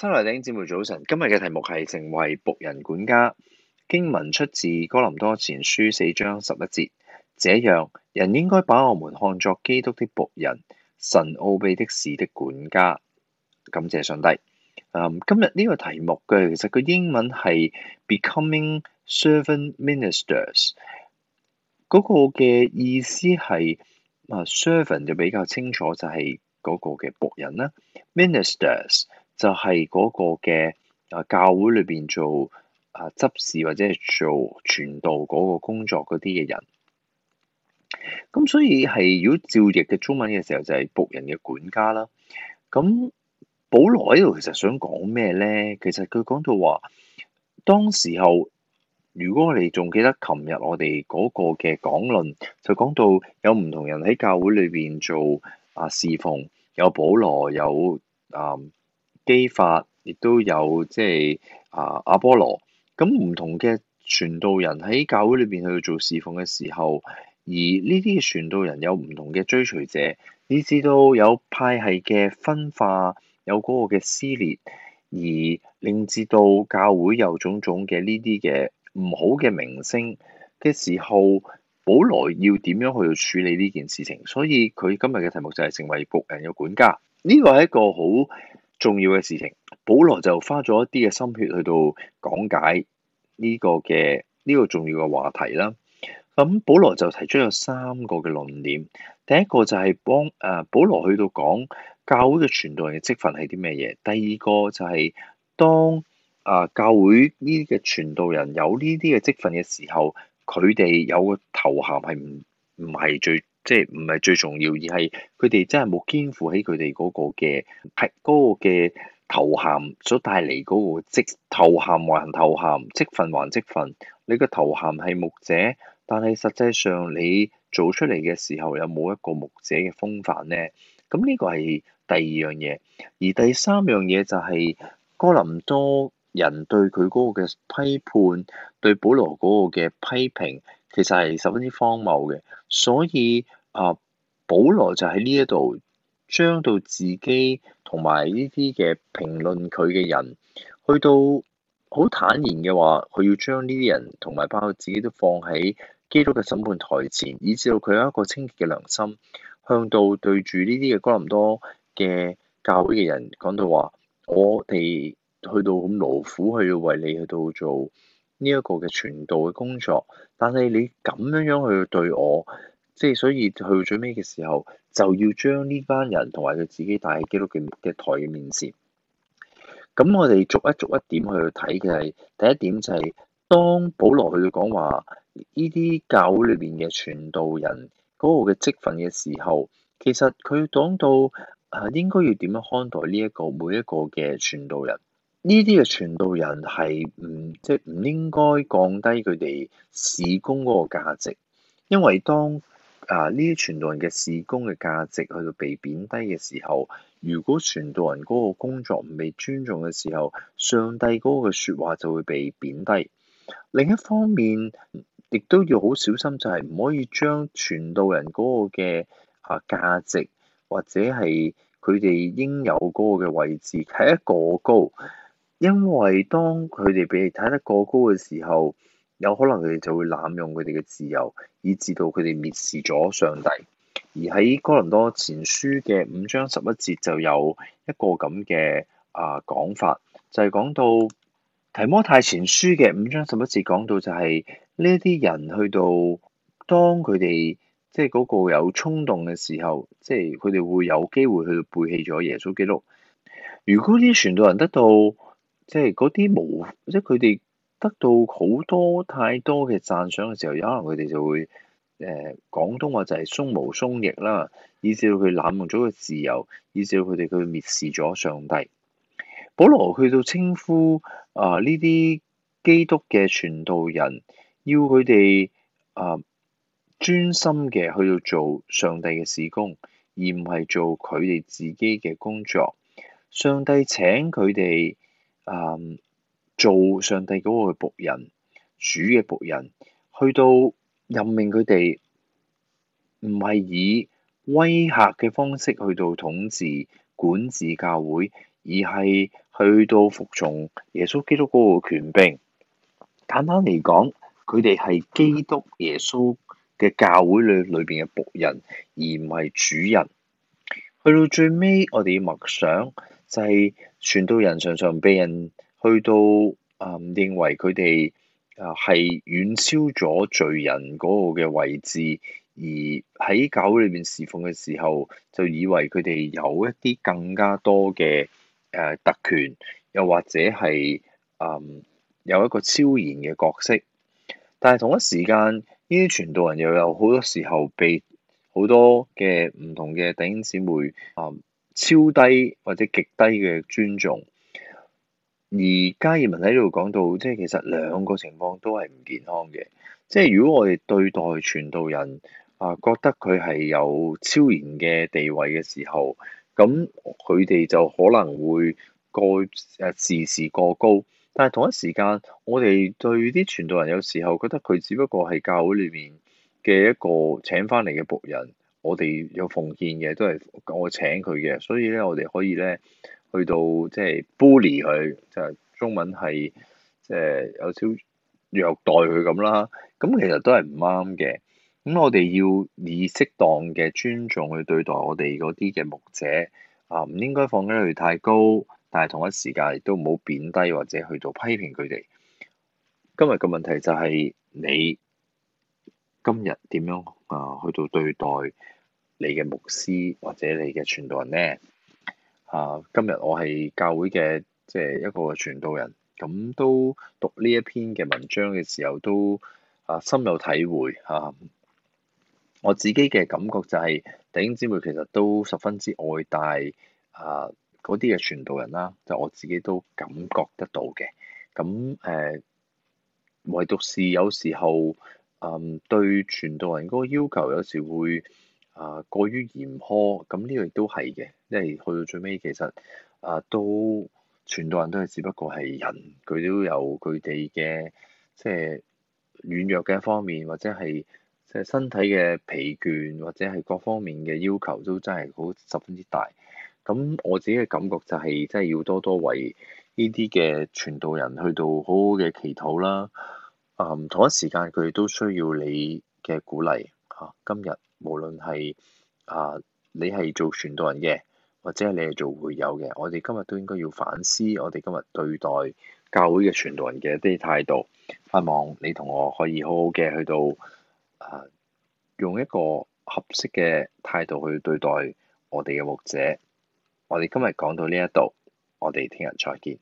親愛的姊妹早晨，今日嘅題目係成為僕人管家。經文出自哥林多前書四章十一節，這樣人應該把我們看作基督的僕人，神奧秘的事的管家。感謝上帝。嗯，今日呢個題目嘅其實個英文係 becoming servant ministers 嗰個嘅意思係啊、uh，servant 就比較清楚，就係、是、嗰個嘅僕人啦，ministers。Min isters, 就係嗰個嘅啊，教會裏邊做啊執事或者係做傳道嗰個工作嗰啲嘅人。咁所以係如果照譯嘅中文嘅時候，就係僕人嘅管家啦。咁，保羅喺度其實想講咩咧？其實佢講到話，當時候，如果我哋仲記得琴日我哋嗰個嘅講論，就講到有唔同人喺教會裏邊做啊侍奉，有保羅有啊。嗯磯法亦都有，即係啊阿波羅咁唔同嘅傳道人喺教會裏邊去做侍奉嘅時候，而呢啲傳道人有唔同嘅追隨者，以致到有派系嘅分化，有嗰個嘅撕裂，而令至到教會有種種嘅呢啲嘅唔好嘅名聲嘅時候，保羅要點樣去處理呢件事情？所以佢今日嘅題目就係成為僕人嘅管家。呢個係一個好重要嘅事情，保羅就花咗一啲嘅心血去到講解呢個嘅呢、這個重要嘅話題啦。咁、嗯、保羅就提出有三個嘅論點，第一個就係幫誒保羅去到講教會嘅傳道人嘅職分係啲咩嘢？第二個就係當啊、呃、教會呢啲嘅傳道人有呢啲嘅職分嘅時候，佢哋有個頭銜係唔唔係最？即係唔係最重要，而係佢哋真係冇肩負起佢哋嗰個嘅係嗰個嘅頭銜所帶嚟嗰、嗰個即，頭銜還頭銜，職分還職分。你個頭銜係牧者，但係實際上你做出嚟嘅時候有冇一個牧者嘅風範咧？咁呢個係第二樣嘢，而第三樣嘢就係、係、哥林多人對佢嗰個嘅批判，對保羅嗰個嘅批評，其實係十分之荒謬嘅。所以啊！保羅就喺呢一度將到自己同埋呢啲嘅評論佢嘅人，去到好坦然嘅話，佢要將呢啲人同埋包括自己都放喺基督嘅審判台前，以至到佢有一個清潔嘅良心，向到對住呢啲嘅哥林多嘅教會嘅人講到話，我哋去到咁勞苦，去要為你去到做呢一個嘅傳道嘅工作，但係你咁樣樣去對我。即係所以去到最尾嘅時候，就要將呢班人同埋佢自己帶喺基督嘅台面前。咁我哋逐一逐一點去睇嘅係第一點，就係當保羅去講話呢啲教會裏面嘅傳道人嗰個嘅職分嘅時候，其實佢講到誒應該要點樣看待呢一個每一個嘅傳道人？呢啲嘅傳道人係唔即係唔應該降低佢哋事工嗰個價值，因為當啊！呢啲傳道人嘅事工嘅價值去到被貶低嘅時候，如果傳道人嗰個工作唔被尊重嘅時候，上帝嗰個説話就會被貶低。另一方面，亦都要好小心，就是，就係唔可以將傳道人嗰個嘅啊價值或者係佢哋應有嗰個嘅位置睇得過高，因為當佢哋俾你睇得過高嘅時候，有可能佢哋就會濫用佢哋嘅自由。以致到佢哋蔑視咗上帝，而喺哥林多前書嘅五章十一節就有一個咁嘅啊講法，就係、是、講到提摩太前書嘅五章十一節講到就係呢一啲人去到當佢哋即係嗰個有衝動嘅時候，即係佢哋會有機會去背棄咗耶穌基督。如果啲傳道人得到即係嗰啲無即係佢哋。就是得到好多太多嘅讚賞嘅時候，有可能佢哋就會誒、呃、廣東話就係鬆毛鬆翼啦，以至到佢濫用咗個自由，以至到佢哋佢蔑視咗上帝。保羅去到稱呼啊呢啲基督嘅傳道人，要佢哋啊專心嘅去到做上帝嘅事工，而唔係做佢哋自己嘅工作。上帝請佢哋啊。呃做上帝嗰個僕人，主嘅僕人，去到任命佢哋，唔係以威嚇嘅方式去到統治、管治教會，而係去到服從耶穌基督嗰個權柄。簡單嚟講，佢哋係基督耶穌嘅教會裏裏邊嘅僕人，而唔係主人。去到最尾，我哋默想就係、是、傳道人常常被人。去到啊、嗯，認為佢哋啊係遠超咗罪人嗰個嘅位置，而喺教會裏面侍奉嘅時候，就以為佢哋有一啲更加多嘅誒、呃、特權，又或者係啊、呃、有一個超然嘅角色。但係同一時間，呢啲傳道人又有好多時候被好多嘅唔同嘅弟兄姊妹啊、呃、超低或者極低嘅尊重。而加爾文喺呢度講到，即係其實兩個情況都係唔健康嘅。即係如果我哋對待傳道人啊，覺得佢係有超然嘅地位嘅時候，咁佢哋就可能會過誒事事過高。但係同一時間，我哋對啲傳道人有時候覺得佢只不過係教會裏面嘅一個請返嚟嘅僕人，我哋有奉獻嘅都係我請佢嘅，所以咧我哋可以咧。去到即係 bully 佢，就係中文係即係有少少虐待佢咁啦。咁其實都係唔啱嘅。咁我哋要以適當嘅尊重去對待我哋嗰啲嘅牧者啊，唔應該放低佢太高，但係同一時間亦都唔好貶低或者去到批評佢哋。今日嘅問題就係你今日點樣啊？去到對待你嘅牧師或者你嘅傳道人咧？啊！今日我係教會嘅即係一個傳道人，咁都讀呢一篇嘅文章嘅時候，都啊深有體會啊！我自己嘅感覺就係、是、弟兄姊妹其實都十分之愛戴啊嗰啲嘅傳道人啦，就我自己都感覺得到嘅。咁誒，唯獨是有時候啊，對傳道人嗰個要求有時會，啊，過於嚴苛，咁呢個亦都係嘅，因為去到最尾其實啊，都傳道人都係只不過係人，佢都有佢哋嘅即係軟弱嘅一方面，或者係即係身體嘅疲倦，或者係各方面嘅要求都真係好十分之大。咁我自己嘅感覺就係、是，真係要多多為呢啲嘅傳道人去到好好嘅祈禱啦。啊，同一時間佢哋都需要你嘅鼓勵嚇、啊，今日。無論係啊，你係做傳道人嘅，或者你係做會友嘅，我哋今日都應該要反思，我哋今日對待教會嘅傳道人嘅啲態度。盼望你同我可以好好嘅去到啊，用一個合適嘅態度去對待我哋嘅牧者。我哋今日講到呢一度，我哋聽日再見。